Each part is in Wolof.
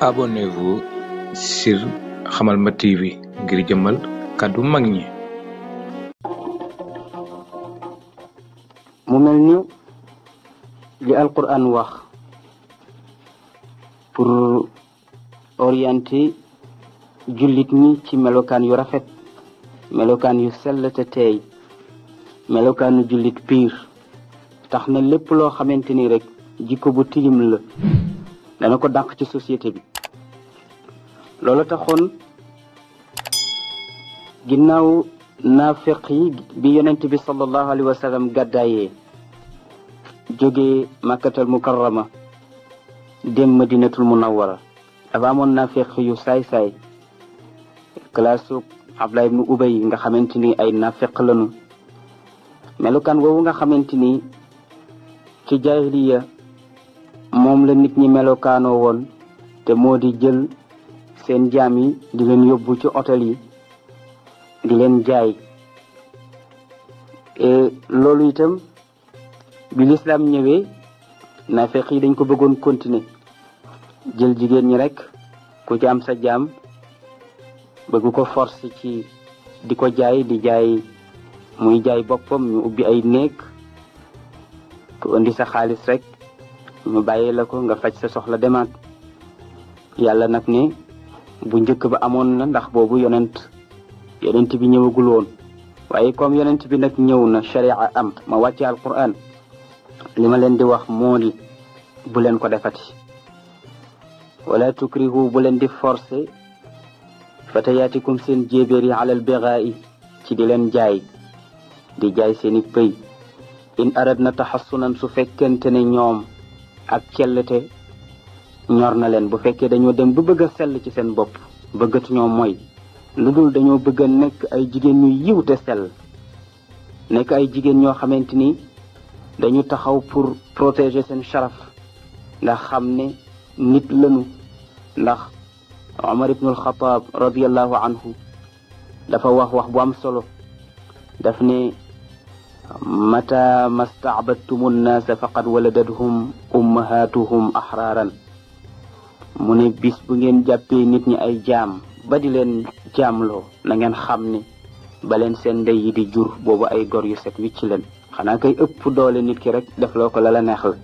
abonnez-vous sur Hamalma TV ngir jëmmal kàddu mag ñi. mu mel ni li Alquran wax pour orienter jullit ñi ci melokaan yu rafet melokaan yu sell te teey melokaanu jullit piir tax na lépp loo xamante ni rek jiko bu tilim la dana ko dàq ci société bi loola taxoon ginnaaw naafiq yi bi yonent bi sallallahu alayhi wa sallam gàddaayee jógee màkkatal mukarrama dem madinatul munawwara dafa amoon naafiq yu saay-saay kalaasu Abdullah ibnu Ubay nga xamante ni ay naafiq lanu melukaan woowu nga xamante ni ci jaahiliya moom la nit ñi melokaanoo woon te moo di jël seen jaam di leen yóbbu ci yi di leen jaay e loolu itam bi l'islam ñëwee nafeq yi dañ ko bëggoon continuer jël jigéen ñi rek ku ci am sa jaam bëgg ko force ci di ko jaay di jaay muy jaay boppam ñu ubbi ay néeg ku indi sa xaalis rek Mu bàyyee la ko nga faj sa soxla demaat yàlla nag ne bu njëkk bi amoon na ndax boobu yonent yonent bi ñëwaguloon woon waaye comme yonent bi nag ñëw na sharia am ma wàcce alquran li ma leen di wax moo bu leen ko defati wala tukrihu bu leen di forcé fatayaatikum seen jéebéer yi alal bixaayi ci di leen jaay di jaay seeni pëy in arad na taxassunan su fekkente ne ñoom ak kellete ñor na leen bu fekkee dañoo dem ba bëgg a sell ci seen bopp bëggatuñoo mooy lu dul dañoo bëgg a nekk ay jigéen ñu yiw te sell nekk ay jigéen ñoo xamante ni dañu taxaw pour protéger seen sharaf ndax xam ne nit lañu ndax Omar ibnul Xataab radiallahu anhu dafa wax wax bu am solo daf ne mata mastaabattumu nnaasa faqad waladathum ummahatuhum axraaran mu ne bis bu ngeen jàppee nit ñi ay jaam ba di leen loo na ngeen xam ni ba leen seen ndey yi di jur boobu ay gor yu set wicc leen xanaa kay ëpp doole nit ki rek def loo ko lala la neex la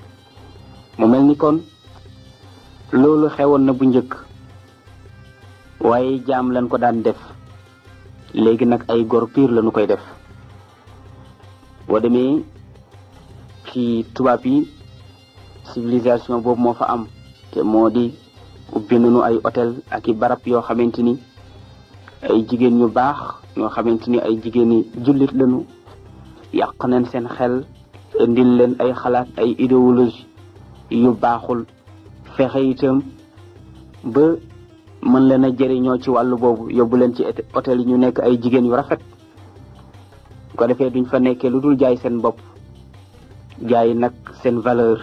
mu mel ni kon loolu xewoon na bu njëkk waaye jaam leen ko daan def léegi nag ay gor piir lañu koy def boo demee ki tubaab yi civilisation boobu moo fa am te moo di ubbi nañu ay hôtel ak i barab yoo xamante ni ay jigéen ñu baax ñoo xamante ni ay jigéen yi jullit lañu yàq nañ seen xel indil leen ay xalaat ay idéologie yu baaxul fexe itam ba mën leen a jëriñoo ci wàllu boobu yóbbu leen ci hôtel yi ñu nekk ay jigéen yu rafet ko defee duñ fa nekkee lu dul jaay seen bopp jaay nag seen valeur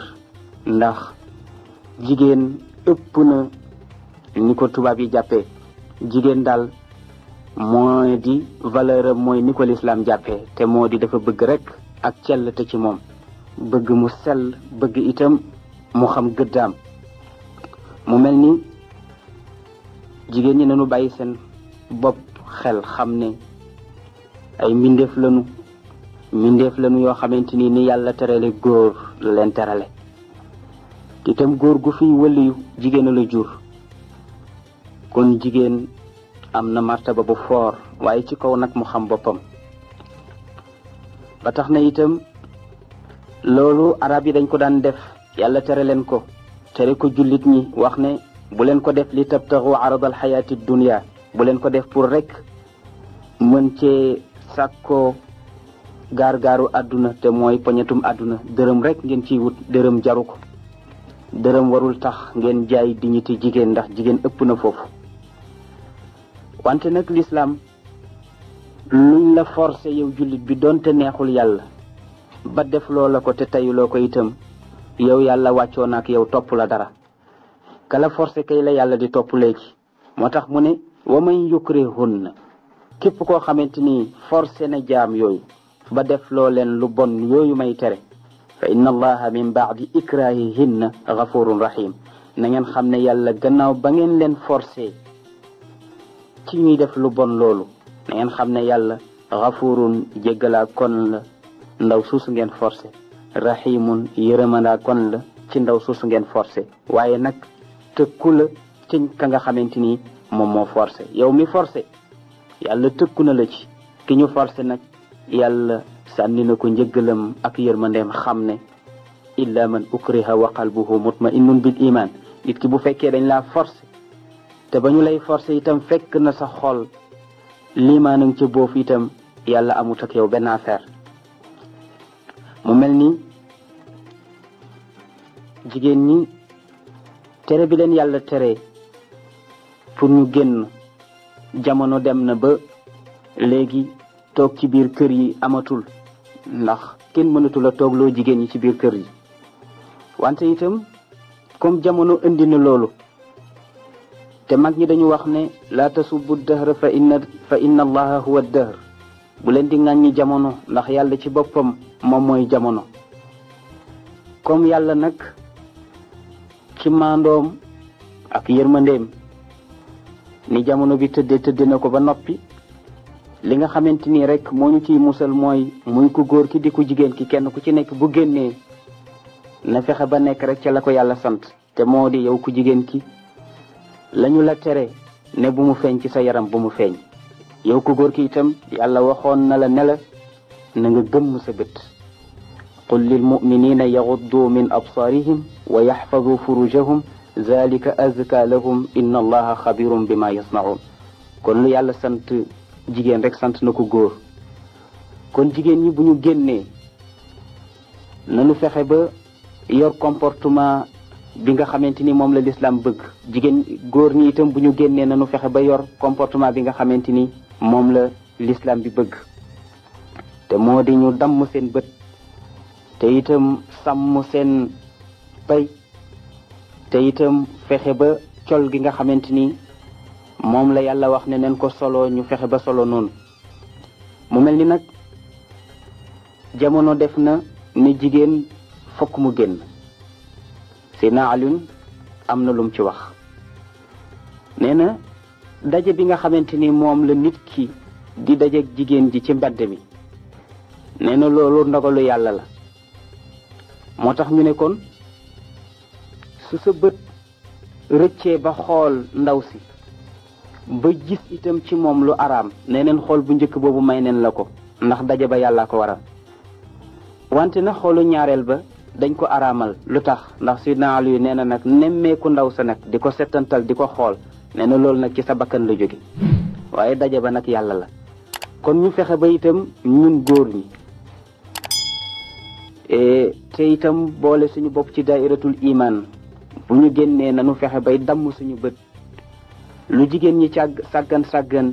ndax jigéen ëpp na ni ko tubaab yi jàppee jigéen daal moo di valeur am mooy ni ko lislaam jàppee te moo di dafa bëgg rek ak cell te ci moom bëgg mu sell bëgg itam mu xam gëddaam mu mel ni jigéen ñi nañu bàyyi seen bopp xel xam ne ay mbindeef lanu mbindeef lanu yoo xamante ni ni yàlla terale góor la leen terale te itam góor gu fi wëliyu jigéen jur kon jigéen am na martaba bu foor waaye ci kaw nag mu xam boppam ba tax na itam loolu arab yi dañ ko daan def yàlla tere leen ko tere ko jullit ñi wax ne bu leen ko def li tabtaxu aradal xayaati dunia bu leen ko def pour rek mën cee sàkkoo gaar gaaru àdduna te mooy poñetum àdduna dërëm rekk ngeen ci wut dërëm jaru ko dërëm warul tax ngeen jaay dignité jigéen ndax jigéen ëpp na foofu wante nag lislaam luñ la forcé yow jullit bi doonte neexul yàlla ba def loo la ko te loo ko itam yow yàlla wàccoo na ak yow topp la dara kala forcé kay la yàlla di topp léegi moo tax mu ne may wa man yukrihunna képp koo xamante ni forcé na jaam yooyu ba def loo leen lu bon yooyu may tere fa inna allaha min baadi ikrahihinna gafurun rahim na ngeen xam ne yàlla gannaaw ba ngeen leen force ci ñuy def lu bon loolu na ngeen xam ne yàlla gafurun jéggalaa kon la ndaw suusu ngeen forcé rahimun yërëmandaa kon la ci ndaw suusu ngeen forcé waaye nag tëkku la ci ka nga xamante ni moom moo forcé yow mi forcé yàlla tëkku na la ci ki ñu forcé nag yàlla sànni na ko njëggalam ak yërmandeem xam ne illa man ukriha wa qalbuhu mutma'innun bil iman nit ki bu fekkee dañ laa forcé te ba ñu lay force itam fekk na sa xol limaanang ca boofu itam yàlla amut ak yow benn affaire mu mel ni jigéen ñi tere bi leen yàlla tere pour ñu génn jamono dem na ba léegi toog ci biir kër yi amatul ndax kenn mënatu toog toogloo jigéen ñi ci biir kër yi wante itam comme jamono indi na loolu te mag ñi dañu wax ne laa bu dahra fa inna fa inna allaha huwa dahr bu leen di ŋàññi jamono ndax yàlla ci boppam moom mooy jamono comme yàlla nag ci maandoom ak yërmandeem ni jamono bi tëddee tëddee na ko ba noppi li nga xamante ni rek moo ñu ci musal mooy muy ku góor ki di ku jigéen ki kenn ku ci nekk bu génnee na fexe ba nekk rek ci la ko yàlla sant te moo di yow ku jigéen ki lañu la tere ne bu mu feeñ ci sa yaram bu mu feeñ yow ku góor ki itam yàlla waxoon na la ne na nga gëmm sa bët qul lil muminina yaxuddu min absaarihim wa yaxfadu furujahum zalika azka lahum inna allaha xabirum bima yasnaun kon lu yàlla sant jigéen rek sant na ko góor kon jigéen ñi bu ñu génnee nanu fexe ba yor comportement bi nga xamante ni moom la lislaam bëgg jigéen góor ñi itam bu ñu génnee nanu fexe ba yor comportement bi nga xamante ni moom la lislaam bi bëgg te moo di ñu damm seen bët te itam sàmm seen pay te itam fexe ba col gi nga xamante ni moom la yàlla wax ne neen ko solo ñu fexe ba solo noonu mu mel ni nag jamono def na ni jigéen fokk mu génn Seydina Alioune am na lum ci wax nee na daje bi nga xamante ni moom la nit ki di daje jigéen ji ci mbedd mi nee na loolu ndogalu yàlla la moo tax ñu ne kon su sa bët rëccee ba xool ndaw si ba gis itam ci moom lu araam nee neen xool bu njëkk boobu may nen la ko ndax daje ba yàlla ko waral wante na xoolu ñaareel ba dañ ko araamal lu tax ndax Seydina Aliyu nee na nag nemmeeku ndaw sa nag di ko setantal di ko xool nee na loolu nag ci sa bakkan la jóge waaye daje ba nag yàlla la kon ñu fexe ba itam ñun góor ñi e te itam boole suñu bopp ci dairatul iman bu ñu génnee nanu fexe bay damm suñu bët lu jigéen ñi càgg sàggan sàggan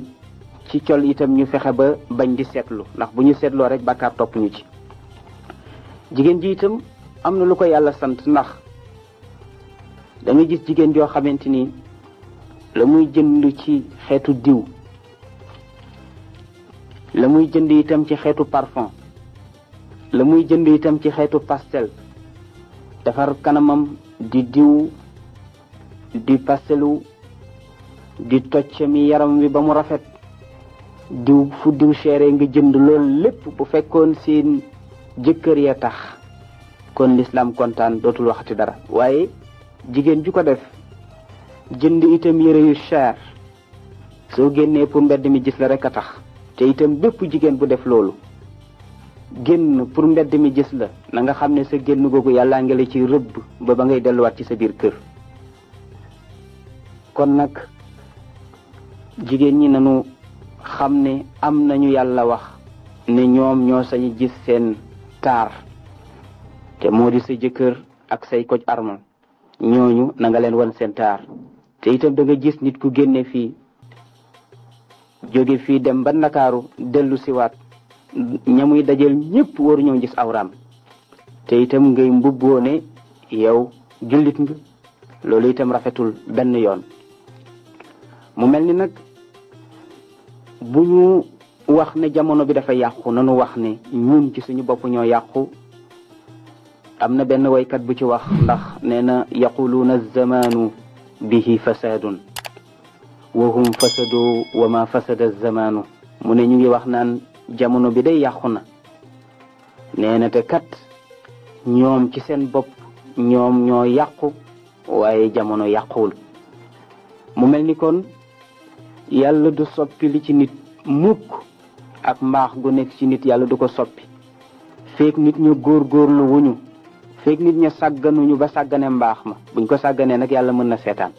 ci col itam ñu fexe ba bañ di seetlu ndax bu ñu seetloo rek bàkkaar topp ñu ci jigéen ji itam am na lu ko yàlla sant ndax da nga gis jigéen joo xamante ni la muy jënd ci xeetu diw la muy jënd itam ci xeetu parfum la muy jënd itam ci xeetu pastel defar kanamam di diw di pastelu di mi yaram wi ba mu rafet di fu diw nga jënd lool lépp bu fekkoon seen jëkkër ya tax kon lislaam kontan dootul waxati dara waaye jigen ju ko def jënd itam yére yu cher soo génnee pour mbedd mi gis la rek a tax te itam bépp jigéen bu def loolu génn pour mbedd mi gis la na nga xam ne sa génn googu yàllaa ngi la ci rëbb ba ba ngay delluwaat ci sa biir kër kon nag jigéen ñi nañu xam ne am nañu yàlla wax ne ñoom ñoo sañu gis seen taar te moo di sa jëkkër ak say koj armal ñooñu na leen wan seen taar te itam da nga gis nit ku génne fii jóge fii dem ba Ndakaaru dellu siwaat ñamuy dajel ñépp waru ñoo gis awraam te itam ngay yow jullit nga loolu itam rafetul benn yoon mu mel ni bu ñu wax ne jamono bi dafa yàqu nanu wax ne ñun ci suñu bopp ñoo yàqu am na benn waykat bu ci wax ndax nee na yaquluuna alzamaanu bihi fasaadun wa hum fasado wa ma fasada alzamaanu mu ne ñu ngi wax naan jamono bi day yàqu na nee kat ñoom ci seen bopp ñoom ñoo yàqu waaye jamono yàquwul mu mel ni kon yàlla du soppi li ci nit mukk ak mbaax gu nekk ci nit yàlla du ko soppi feek nit ñu góor góorluwuñu feek nit ña sàgganuñu ba sàggane mbaax ma buñ ko sàgganee nag yàlla mën na seetaan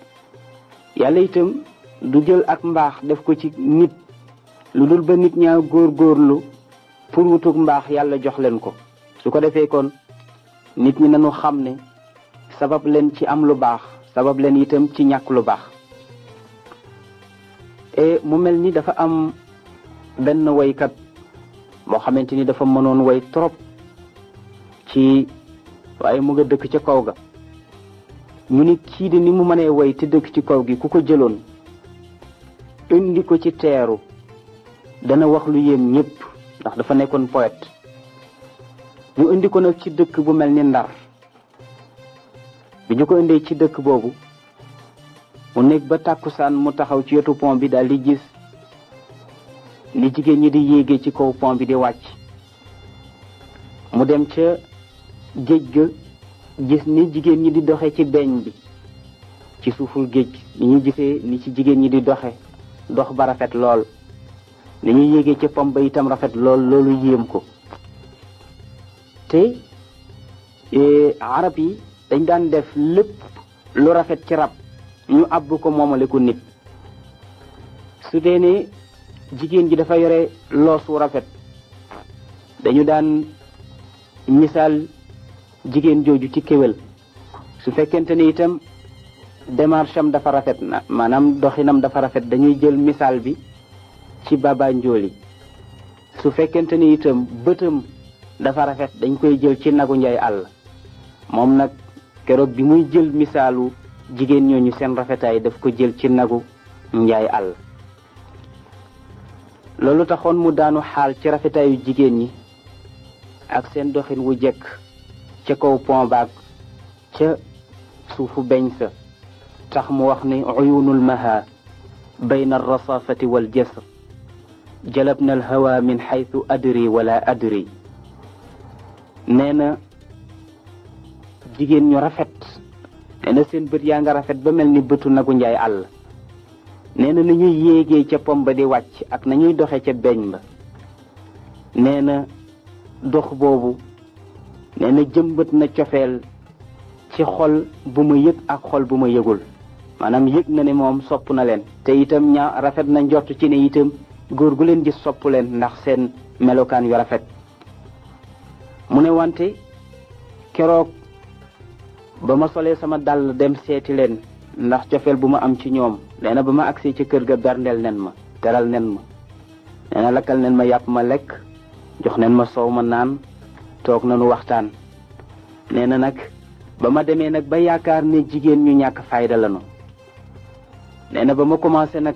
yàlla itam du jël ak mbaax def ko ci nit lu dul ba nit ñaa góorgóorlu pour wutuk mbaax yàlla jox leen ko su ko defee kon nit ñi nañu xam ne sabab leen ci am lu baax sabab leen itam ci ñàkk lu baax e mu mel ni dafa am benn waykat moo xamante ni dafa mënoon way trop ci waaye mu nga dëkk ca kaw ga ñu ni kii di ni mu mënee woy te dëkk ci kaw gi ku ko jëloon indi ko ci teeru dana wax lu yéem ñépp ndax dafa nekkoon poète ñu indi ko nag ci dëkk bu mel ni ndar bi ñu ko indee ci dëkk boobu mu néeg ba tàkkusaan mu taxaw ci wetu pont bi daal di gis li jigéen ñi di yéege ci kaw pont bi di wàcc mu dem ca géej ga gis ni jigéen ñi di doxe ci beñ bi ci suuful géej ni ñu gisee ni ci jigéen ñi di doxe dox ba rafet lool ni ñuy yéegee ci pont ba itam rafet lool loolu yéem ko te eh, arab yi dañ daan def lépp lu rafet ci rab ñu abbu ko momale ko nit su dee ne jigéen ji dafa yore loos wu rafet dañu daan misal jigen joju ci kewel su fekente ni itam démarche am dafa rafet na manam doxinam dafa rafet dañuy jël misal bi ci baba njooli su fekente ni itam bëtam dafa rafet dañ koy jël ci nagu njaay àll mom nak kérok bi muy jël misalu jigéen ñoo ñu seen rafetaay daf ko jël ci nagu njaay àll loolu taxoon mu daanu xaal ci rafetaayu jigéen ñi ak seen doxin wu jekk ca kaw pont baag ca suufu beñ sa tax mu wax ni uyunul maha bayna alrasafati waljasr jalabna alhawa min xaytu adri wala adri nee na jigéen ñu rafet nee seen bët yaa nga rafet ba mel ni bëtu nagu njaay àll nee na ñuy yéegee ca pom ba di wàcc ak na ñuy doxe ca beñ ba nee na dox boobu nee na jëmbët na cofeel ci xol bu ma yëg ak xol bu ma yëgul maanaam yëg na ne moom sopp na leen te itam ña rafet na njort ci ne itam góor gu leen gis sopp leen ndax seen melokaan yu rafet mu ne wante keroog ba ma sama dal dem séti leen ndax ciofel buma am ci ñom nee na aksi ci kër ga berndeel nen ma teral nen ma nee lakal lakkal nen ma yap ma lek jox nen ma sawma naan tok nañu waxtaan nee nak nag ba ma ba yaakar ne jigéen ñu ñak fayda lañu ma commencé nak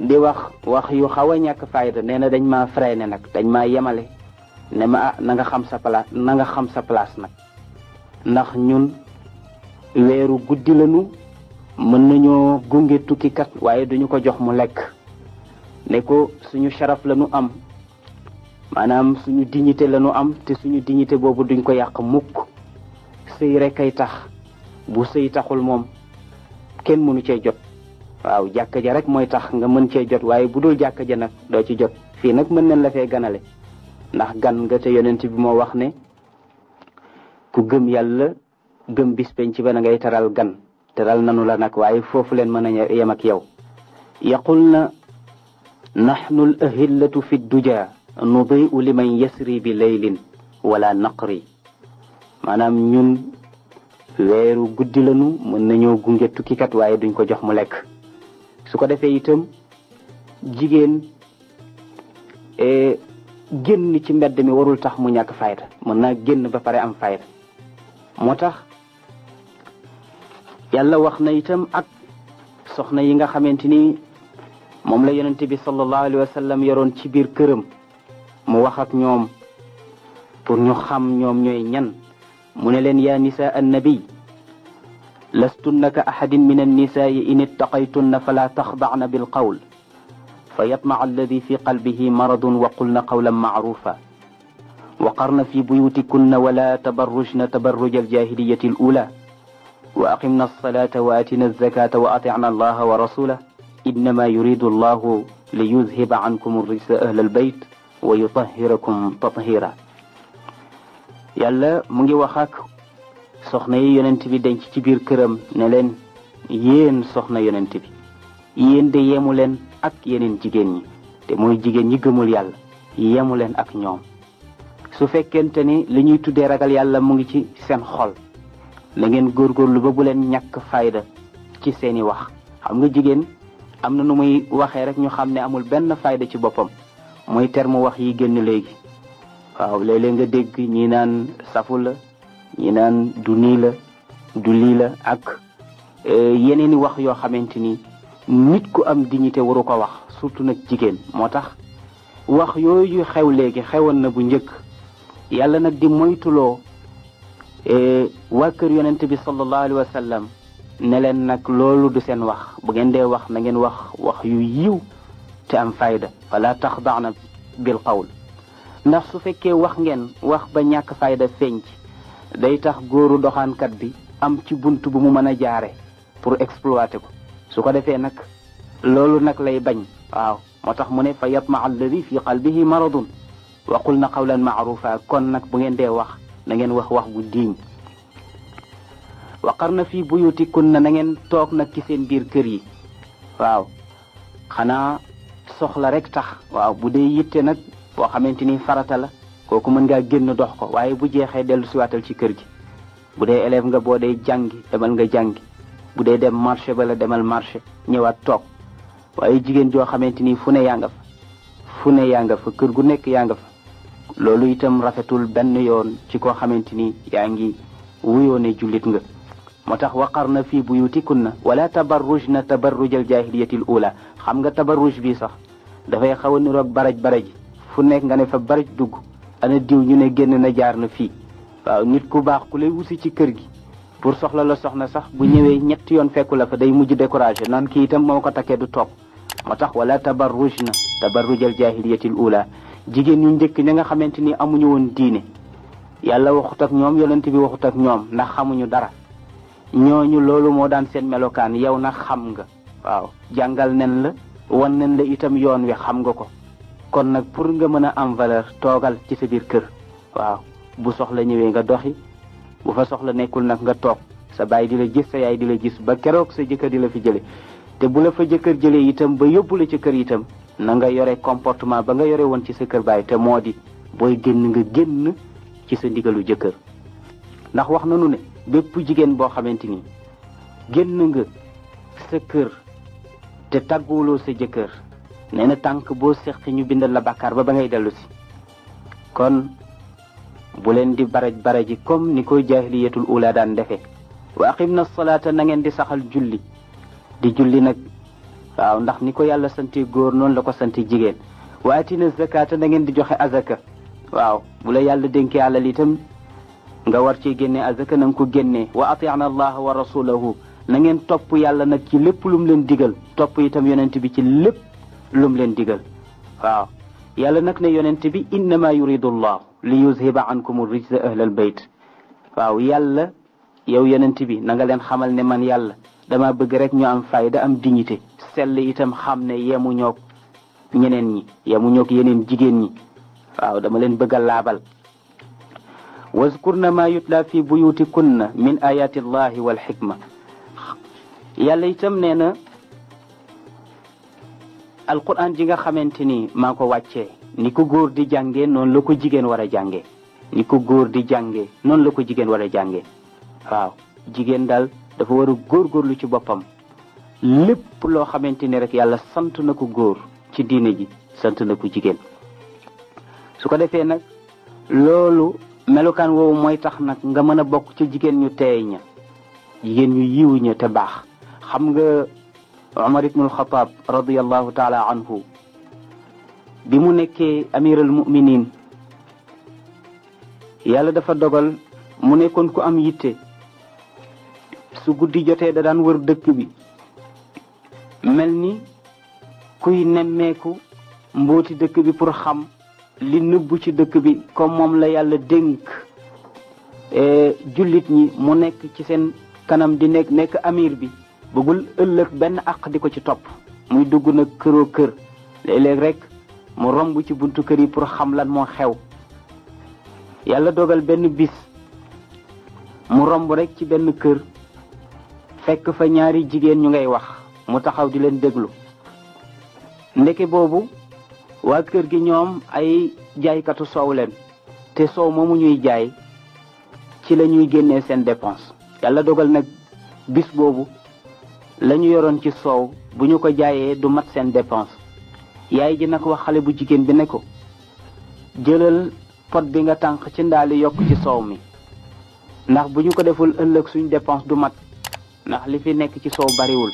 di wax wax yu xawa ñak fayda nee dañ ma freiné nak dañ ma yemalé ne na nga xam sa place na nga xam sa place nak ndax ñun weeru guddi lañu mën nañoo gunge tukkikat waaye duñu ko jox mu lekk ne ko suñu sharaf lañu am maanaam suñu dignité lañu am te suñu dignité boobu duñ ko yàq mukk sëy rek ay tax bu sëy taxul moom kenn mënu cee jot waaw jàkka ja rek mooy tax nga mën cee jot waaye bu dool jàkka ja nag doo ci jot fii nag mën nañ la fee ganale ndax gan nga te yonent bi moo wax ne ku gëm yàlla gëm bis penc ba na ngay teral gan teral nanu la nag waaye foofu leen mën a yem ak yow yaqul na naxnu l ahillatu fi duja nudiu liman yasri bi laylin wala naqri maanaam ñun weeru guddi lanu mën nañoo gunge tukkikat waaye duñ ko jox mu lekk su ko defee itam jigéen eh, génn ci mbedd mi warul tax mu ñàkk fayda mën naa génn ba pare am fayda motax yàlla wax na itam ak soxna yi nga xamanteni mom la yonente bi sallallahu alayhi wasallam yaron ci bir kërëm mu wax ak ñom pour ñu xam ñom ñoy ñan mu ne len ya nisa annabiy لستن كأحد من النساء إن اتقيتن فلا تخضعن بالقول فيطمع الذي في قلبه مرض وقلن قولا معروفا وقرن في بيوتكن ولا تبرجن تبرج الجاهلية الأولى وأقمنا الصلاة وآتنا الزكاة وأطعنا الله ورسوله إنما يريد الله ليذهب عنكم الرجس أهل البيت ويطهركم تطهيرا يلا مجي وخاك سخنية يننتبي دنك كبير كرم نلن يين سخنة يننتبي yéen de yemu len ak yeneen jigéen ñi te muy jigéen ñi gëmul yàlla yemu len ak ñoom su fekkente ni lañuy tuddee ragal yàlla mu ngi ci seen xol la ngeen góorgóorlu ba bu leen ñàkk fayda ci seen i wax xam nga jigéen am na nu muy waxee rek ñu xam ne amul benn fayda ci boppam mooy terme wax yi génn léegi waaw léeg-léeg nga dégg ñi naan safula la ñi naan du nii la du lii la ak e, yeneen i wax yoo xamante ni nit ku am dignité waru ko wax surtout nag jigéen moo tax wax yooyu xew léegi xewoon na bu njëkk yàlla nag di moytuloo e, waa kër yonent bi sallallahu alayhi wa sallam ne leen nag loolu du seen wax bu ngeen dee wax na ngeen wax wax yu yiw te am fayda wala taxdaana bil qawl ndax su fekkee wax ngeen wax ba ñàkk fayda feeñ day tax góoru doxaankat bi am ci bunt bu mu mën a jaare pour exploiter ko su ko defee nag loolu nag lay bañ waaw moo tax mu ne fa yatma alladi fi qalbihi maradun waqul na xawlan maarufa kon nag bu ngeen dee wax na wax wax bu diiñ waqar na fii buyutikunna na ngeen toog nag ci seen biir kër yi waaw xanaa soxla rek tax waaw bu dee yitte nag boo xamante ni farata la kooku mën ngaa génn dox ko waaye bu jeexee dellu siwaatal ci kër gi bu dee élève nga boo dee jàngi demal nga jàngi bu dee dem marché bala demal marché ñëwaat toog waaye jigéen joo xamante ni fu ne yànga nga fa fu ne yaa fa kër gu nekk yaa fa loolu itam rafetul benn yoon ci koo xamante ni yaa ngi wuyoo ne jullit nga moo tax waqar na fii buyutikunna wala tabarruj na tabarrujal jaahiliyatil ula xam nga tabarruj bi sax dafay xaw a niroog baraj baraj fu nekk nga ne fa baraj dugg ana diw ñu ne génn na jaar na fii waaw nit ku baax ku lay wusi ci kër gi pour soxla la soxna sax bu ñëwee ñetti yoon fekku la fa day mujj découragé naan kii itam moo ko takkee du toog moo tax wala tabarruj na tabarrujal jaahiliyatil ula jigéen ñu njëkk ña nga xamante ni amuñu woon diine yàlla waxut ak ñoom yonent bi waxut ak ñoom ndax xamuñu dara ñooñu loolu moo daan seen melokaan yow nag xam nga waaw jàngal nen la wan nen la itam yoon wi xam nga ko kon nag pour nga mën a am valeur toogal ci sa biir kër waaw bu soxla ñëwee nga doxi bu fa soxla nekkul nag nga toog sa baay di la gis sa yaay di la gis ba keroog sa jëkkër di la fi jële te bu la fa jëkkër jëlee itam ba yóbbu la ci kër itam na nga yore comportement ba nga yore woon ci sa kër baay te moo di booy génn nga génn ci sa ndigalu jëkkër ndax wax nanu ne bépp jigéen boo xamante ni génn nga sa kër te tàgguwuloo sa jëkkër nee na tànk boo seqi ñu bindal la bàkkaar ba ba ngay dellusi kon bu leen di baraj baraji comme ni koy jaahiliyatul ula daan defe wa aqim na salaata na ngeen di saxal julli di julli nag waaw ndax ni ko yàlla santi góor noonu la ko santi jigéen waati na zakata na ngeen di joxe azaka waaw bu la yàlla dénkee alal itam nga war cee génnee azaka na ko génnee wa atiana allaha wa rasulahu na ngeen topp yàlla nag ci lépp lum leen digal topp itam yonent bi ci lépp lum leen digal waaw yàlla nag ne yonent bi innama yuridu allah li yuzhiba ankum rijsa ahlal bayt waaw yàlla yow yonent bi na nga leen xamal ne man yàlla dama bëgg rek ñu am fayda am dignité sell itam xam ne yemuñoog ñeneen ñi yemuñoog yeneen jigéen ñi waaw dama leen bëgg a laabal waskurna ma yutla fi buyutikunna min ayati allahi wal xikma yàlla itam nee na alquran ji nga xamante ni maa ko wàccee ni ko góor di jànge noonu la ko jigéen war jànge ni ko góor di jànge noonu la ko jigéen war a jànge jigéen daal dafa war a góorgóorlu ci boppam lépp loo xamante ne rek yàlla sant na ko góor ci diine ji sant na ko jigéen su ko defee nag loolu melokaan woowu mooy tax nag nga mën a bokk ci jigéen ñu teey ña jigéen ñu yiwu ña te baax xam nga Umar ibnul Xataab radiallahu taala anhu bi mu nekkee amiral muminin yàlla dafa dogal mu nekkoon ku am yitte su guddi jotee da daan wër dëkk bi mel ni kuy nemmeeku mbooti dëkk bi pour xam li nëbbu ci dëkk bi comme moom la yàlla dénk e, jullit ñi mu nekk ci seen kanam di nekk nekk amir bi bëggul ëllëg benn àq di ko ci topp muy dugg nag këroo kër léeg-léeg rek mu romb ci bunt kër yi pour xam lan moo xew yàlla dogal benn bis mu romb rekk ci benn kër fekk fa ñaari jigéen ñu ngay wax mu taxaw di leen déglu ndeke boobu waa kër gi ñoom ay jaaykatu soow leen te soow moomu ñuy jaay ci lañuy génnee seen dépense yàlla dogal nag bis boobu la ñu yoroon ci soow bu ñu ko jaayee du mat seen dépense yaay ji nag wax xale bu jigéen bi ne ko jëlal pot bi nga tànk ci ndaali yokk ci soow mi ndax bu ñu ko deful ëllëg suñ dépense du mat ndax li fi nekk ci soow bariwul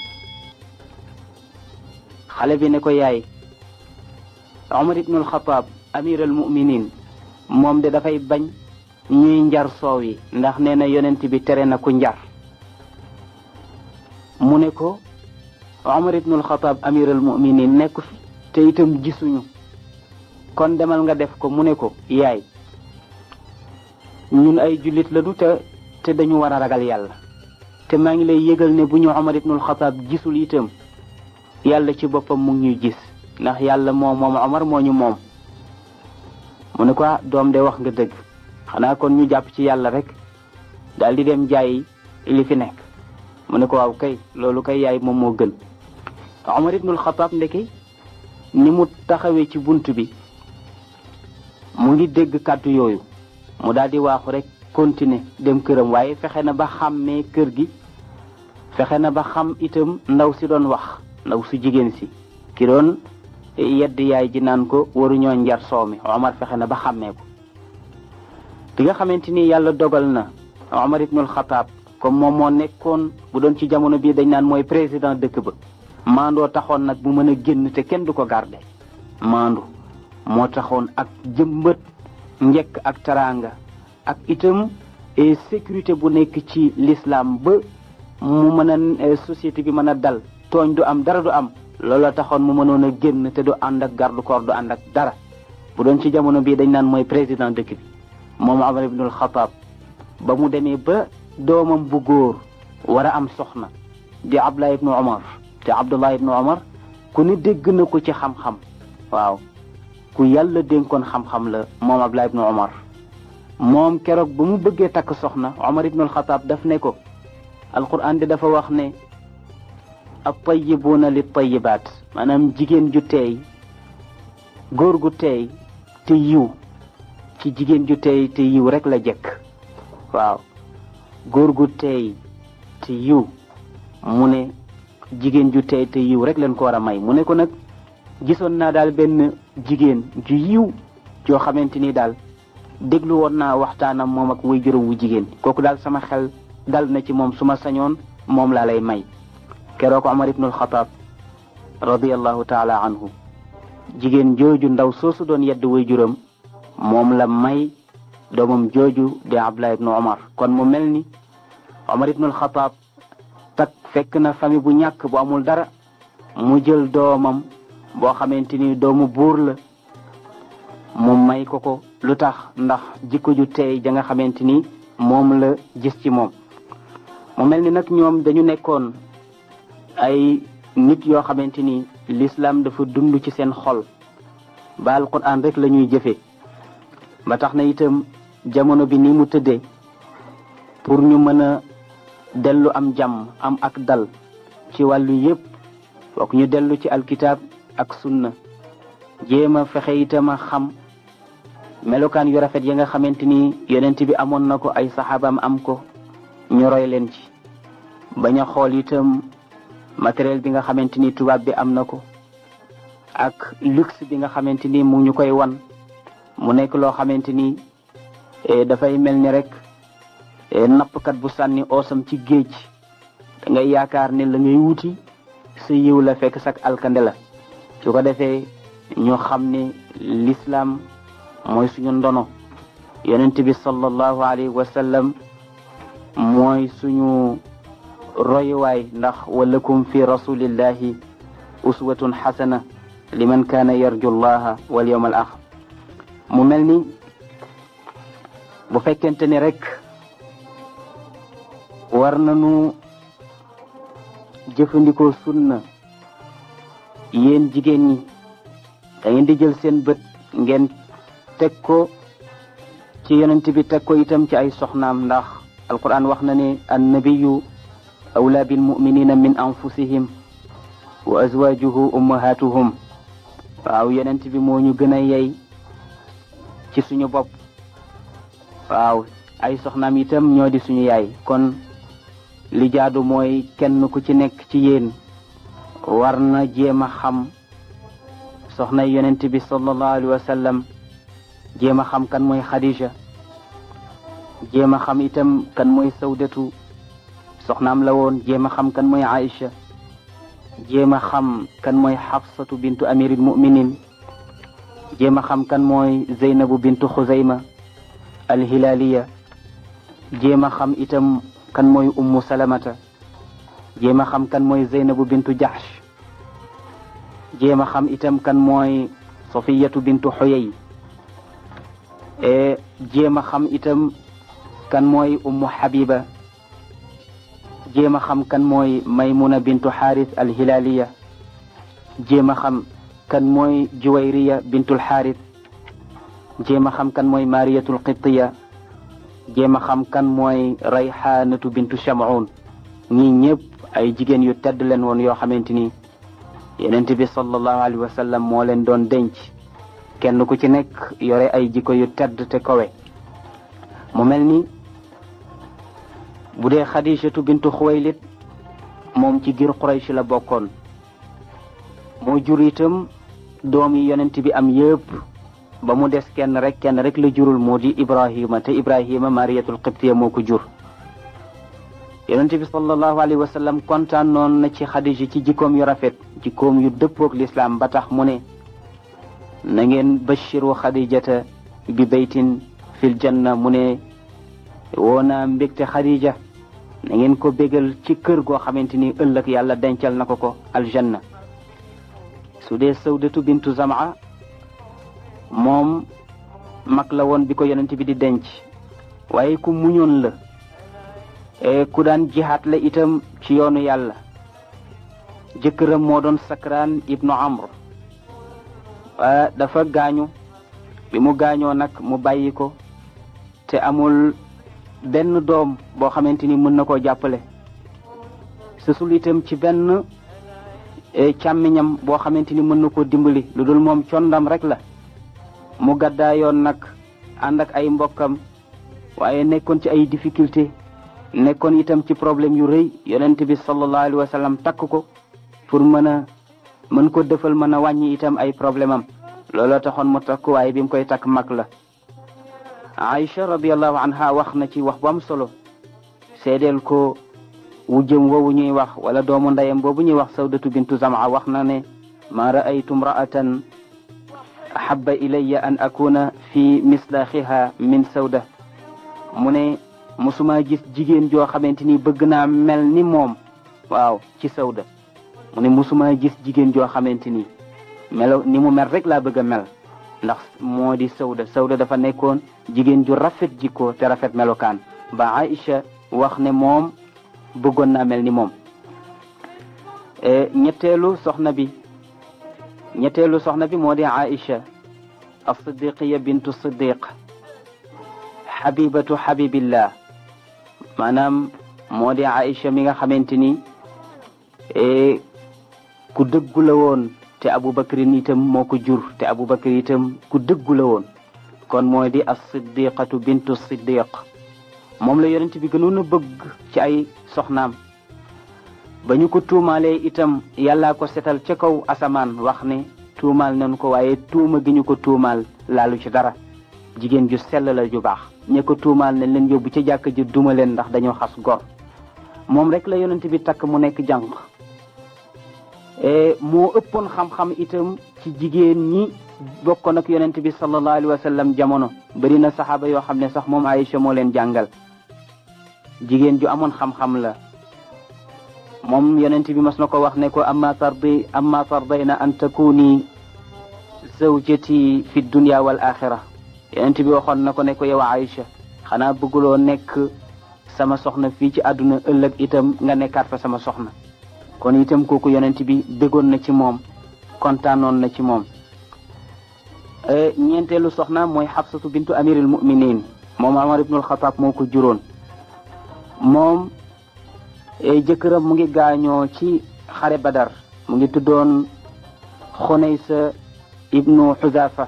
xale bi ne ko yaay Omar ibnul Xataab amiral muminin moom de dafay bañ ñuy njar soow yi ndax nee na yonent bi tere na ku njar mu ne ko Omar ibnul Xataab amiral muminin nekku fi te itam gisuñu kon demal nga def ko mu ne ko yaay ñun ay jullit la du te te dañu war a ragal yàlla te maa ngi lay yëgal ne bu ñu Omar ibnul Xataab gisul itam yàlla ci boppam mu ngi ñuy gis ndax yàlla moo moom Omar moo ñu moom mu ne ko ah, doom de wax nga dëgg xanaa kon ñu jàpp ci yàlla rek daal di dem jaayi li fi nekk mu ne ko waaw kay loolu kay yaay moom moo gën Omar ibnul Xataab ndeke ni mu taxawee ci bunt bi mu ngi dégg kàddu yooyu mu daal waaxu rek continuer dem këram waaye fexe na ba xàmmee kër gi fexe na ba xam itam ndaw si doon wax ndaw su jigéen si ki e, yedd yaay ji naan ko waruñoo njar soow mi omar fexe na ba xàmmee ko nga xamante ni yàlla dogal na omar ibnul xataab comme moom moo nekkoon bu doon ci jamono bii dañ naan mooy président dëkk ba maandoo taxoon nag mu mën a génn te kenn du ko garde maandu moo taxoon ak jëmbët njëkk ak taraanga ak itam e, sécurité bu nekk ci lislaam ba mu mën a e, société bi mën a dal tooñ du am dara du am looloo taxoon mu mënoon a génn te du ànd ak garde corps du ànd ak dara bu doon ci jamono bii dañ naan mooy président dëkk bi moom Omar ibnul Xataab ba mu demee ba doomam bu góor war a am soxna di Abdullah ibnu Omar te Abdullah ibnu Omar ku ne dégg na ko ci xam-xam waaw ku yàlla dénkoon xam-xam la moom Abdullah ibnu Omar moom keroog ba mu bëggee takk soxna Omar ibnul Xataab daf ne ko alquran di dafa wax ne at-tayyibuuna lit-tayyibaat maanaam jigéen ju teey góor gu teey te yiw ci jigéen ju teey te yiw rek la jekk waaw góor gu teey te yiw mu ne jigéen ju teey te yiw rek leen ko war a may mu ne ko nag gisoon naa daal benn jigéen ju yiw joo xamante ni daal déglu woon naa waxtaanam moom ak way juróom wu jigéen kooku daal sama xel dal na ci moom su ma sañoon moom laa lay may keroog Omar ibnul Xataab radiallahu taala anhu jigéen jooju ndaw soosu doon yedd waajuram moom la may doomam jooju di Abdullah ibnu Omar kon mu mel ni Omar ibnul Xataab tak fekk na famille bu ñàkk bu amul dara mu jël doomam boo xamante ni doomu buur la mu may ko ko lu tax ndax jikko ju tey ja nga xamante ni moom la gis ci moom mu mel ni nag ñoom dañu nekkoon ay nit yoo xamante ni l'islam dafa dund ci seen xol ba alquran rek la jëfe ba tax na itam jamono bi ni mu tëddee pour ñu mën a dellu am jàmm am ak dal ci wàllu yépp foog ñu dellu ci alkitab ak sunna jéem a fexe itam a xam melokaan yu rafet yi nga xamante ni yonent bi amoon na ko ay saxaabaam am ko ñoroy leen ci bañ a xool itam matériel bi nga xamante ni tubaab bi am na ko ak luxe bi nga xamante ni mu ñu koy wan mu nekk loo xamante ni eh, dafay mel ni rek eh, nappkat bu sànni osam ci géej da ngay yaakaar ne la ngay wuti yiw la fekk sak alkande la su ko defee ñu xam ne lislaam mooy suñu ndono yonent bi sallallahu alayhi wa sallam mooy suñu royuwaay ndax walakum fi rasulillahi uswatun xasana liman kaana yarju llaha wal yawm al axir mu mel ni bu fekkente ni rek war nanu jëfandikoo sunna yéen jigéen ñi da ngeen di jël seen bët ngeen teg ko ci yonent bi teg ko itam ci ay soxnaam ndax alquran wax na ne annabiyu أولى بالمؤمنين من أنفسهم وأزواجه أمهاتهم فاو يننت بمو نيو غنا ياي تي سونو بوب فاو اي سخنا ميتام نيو دي سونو ياي كون لي موي كين كو تي نيك تي يين ورنا جيما خام سخنا يننت بي صلى الله عليه وسلم جيما خام كان موي خديجه جيما خام ايتام كان موي سودتو soxnaam la woon jéem a xam kan mooy Aïcha jéem a xam kan mooy Xafsatu bintu amiril muminin jéem a xam kan mooy Zeynabu bintu Xuzayma alhilaliya jéem a xam itam kan mooy ummu salamata jéem a xam kan mooy Zeynabu bintu Jaxsh jéem a xam itam kan mooy Sofiyatu bintu Xuyey jéem a xam itam kan mooy ummu Habiba jéem a xam kan mooy maymuna bintu xarit al jéem a xam kan mooy juwayriya bintul xarit jéem a xam kan mooy mariyatul qibtiya jéem a xam kan mooy rayxaanatu bintu shamoun ni ñëpp ay jigéen yu tedd leen woon yoo xamante ni yenent bi sallallahu alayhi wa sallam moo leen doon denc kenn ku ci nekk yore ay jikko yu tedd te kowe mu mel ni bu dee xadijatu bintu xuwaylit moom ci giir quraysh la bokkoon moo jur itam doom yi yonent bi am yëpp ba mu des kenn rek kenn rek la jurul moo di ibrahima te ibrahima mariyatul qibtiya moo ko jur yonent bi alayhi wa kontaan noon na ci xadija ci jikkoom yu rafet jikkoom yu dëppook lislaam ba tax mu ne na ngeen bashiru xadijata bi baytin fil janna mu ne woonaa mbégte xadija na ngeen ko bégal ci kër goo xamante ni ëllëg yàlla dencal na ko ko aljanna su dee sawdatu bintu zamaa moom mag la woon bi ko yonent bi di denc waaye ku muñoon la e, ku daan jihaat la itam ci yoonu yàlla jëkkëram moo doon sakraan ibnu amr dafa gaañu bi mu gaañoo nag mu bàyyi ko te amul benn doom boo xamante ni mën na koo jàppale sësul itam ci benn e, càmmiñam boo xamante ni mën na koo dimbali lu dul moom condam rek la mu gàddaayoon nag ànd ak ay mbokkam waaye nekkoon ci ay difficulté nekkoon itam ci problème yu rëy yonent bi sallallahu alayhi wa sallam takk ko pour mën a mën ko defal mën a wàññi itam ay problème am looloo taxoon mu takk waaye bi mu koy takk mag la Aïcha radiallahu anha wax na ci wax bu am solo seedeel ko wujjëm woowu ñuy wax wala doomu ndeyam boobu ñuy wax sawdatu bintu zamaa wax na ne ma raaytu mraatan ahaba ilaya an akuna fi mislaaxiha min sawda mu ne musuma gis jigéen joo xamante ni bëgg naa mel ni moom waaw ci sawda mu ne musuma gis jigéen joo xamante ni melo ni mu mel rek laa bëgg a mel ndax moo di sawda sawda dafa nekkoon jigéen ju rafet jikko te rafet melokaan ba Aïcha wax ne moom bëggoon naa mel ni moom e, ñetteelu soxna bi ñetteelu soxna bi moo di Aïcha as-siddiqiya bintu siddiq xabibatu xabibillah maanaam moo di mi nga xamante ni e, ku dëggu la woon te abubakrin itam moo ko jur te abubakar itam ku dëggu la woon kon mooy di as siddiqatu bintu siddiq moom la yonent bi gënoon a bëgg ci ay soxnaam ba ñu ko tuumaalee itam yàllaa ko setal ca kaw asamaan wax ne tuumaal nañ ko waaye tuuma gi ñu ko tuumaal laalu ci dara jigéen ju sell la ju baax ña ko tuumaal nañ leen yóbbu ca jàkk ji duma leen ndax dañoo xas gor moom rek la yonent bi takk mu nekk jànq Eh, moo ëppoon xam-xam itam ci jigéen ñi bokkoon ak yonent bi sallallahu alayhi wa sallam jamono bëri na saxaaba yoo xam ne sax moom Aïcha moo leen jàngal jigéen ju amoon xam-xam la moom yonent bi mas na ko wax ne ko amma tardi amma tardayna an takuni zawjati fi dunya wal axira yonent bi waxoon na ko ne ko yow Aïcha xanaa bëgguloo nekk sama soxna fii ci àdduna ëllëg itam nga nekkaat fa sama soxna kon itam kooku yonent bi bëggoon na ci moom kontaanoon na ci moom e, ñeenteelu soxna mooy xabsatu bintu amiril muminin moom amar ibnul xataab moo ko juróon moom e, jëkkëram mu ngi gaañoo ci xare badar mu ngi tuddoon xunaysa ibnu xuzafa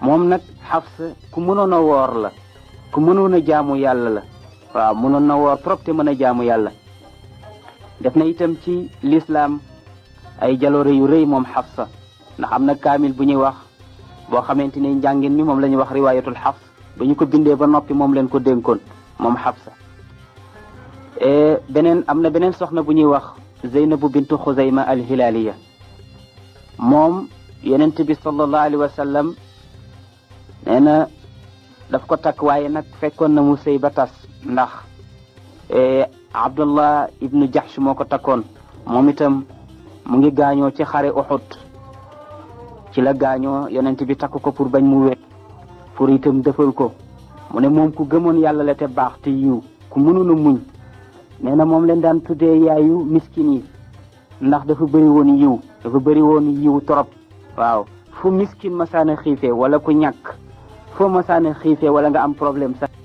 moom nag xabs ku mënoon a woor la ku mënoon a jaamu yàlla la waaw mënoon na woor trop te mën a jaamu yàlla def na itam ci lislaam ay jaloore yu rëy moom Xafsa ndax am na kaamil bu ñuy wax boo xamante ni njàngin mi moom la ñuy wax riwaayatul Xafs ba ñu ko bindee ba noppi moom leen ko dénkoon moom Xafsa e, beneen am na beneen soxna bu ñuy wax Zeynabu bintu Xuzayma al Hilaaliya moom yeneen bi sallallahu alayhi wa sallam nee na daf ko takk waaye nag fekkoon na mu sëy ba tas ndax Eh, abdullah ibnu jahsh moo ko takkoon moom itam mu ngi gaañoo ci xare uxut ci la gaañoo yonent bi takk ko pour bañ mu wet pour itam defal ko mu ne moom ku gëmoon yàlla la te baax te yiw ku mënoon a muñ nee na moom leen daan tuddee yaayu miskin yi ndax dafa bëri woon yiw dafa bëri woon yiw trop waaw fu miskin masaana xiifee wala ku ñàkk foo masaana xiifee wala nga am problème sax